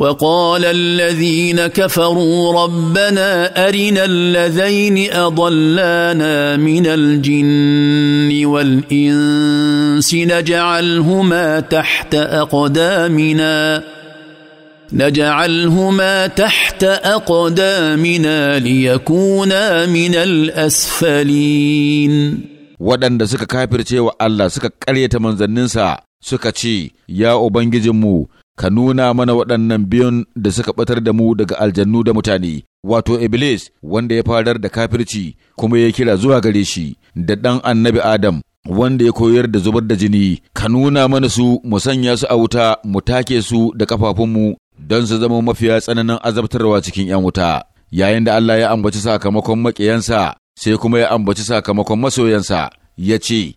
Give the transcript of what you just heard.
وقال الذين كفروا ربنا أرنا الذين أضلانا من الجن والإنس نجعلهما تحت أقدامنا نجعلهما تحت أقدامنا ليكونا من الأسفلين waɗanda suka kafirce wa Allah suka ƙaryata manzanninsa suka ce, Ya Ubangijinmu, ka nuna mana waɗannan biyun da suka ɓatar da mu daga aljannu da mutane, wato Iblis wanda ya farar da kafirci kuma ya kira zuwa gare shi da ɗan annabi Adam wanda ya koyar da zubar da jini, ka nuna mana su mu sanya su a wuta mu take su da ƙafafunmu don su zama mafiya tsananin azabtarwa cikin ‘yan wuta. Yayin da Allah ya ambaci sakamakon maƙiyansa sai kuma ya ambaci sakamakon masoyansa ya ce,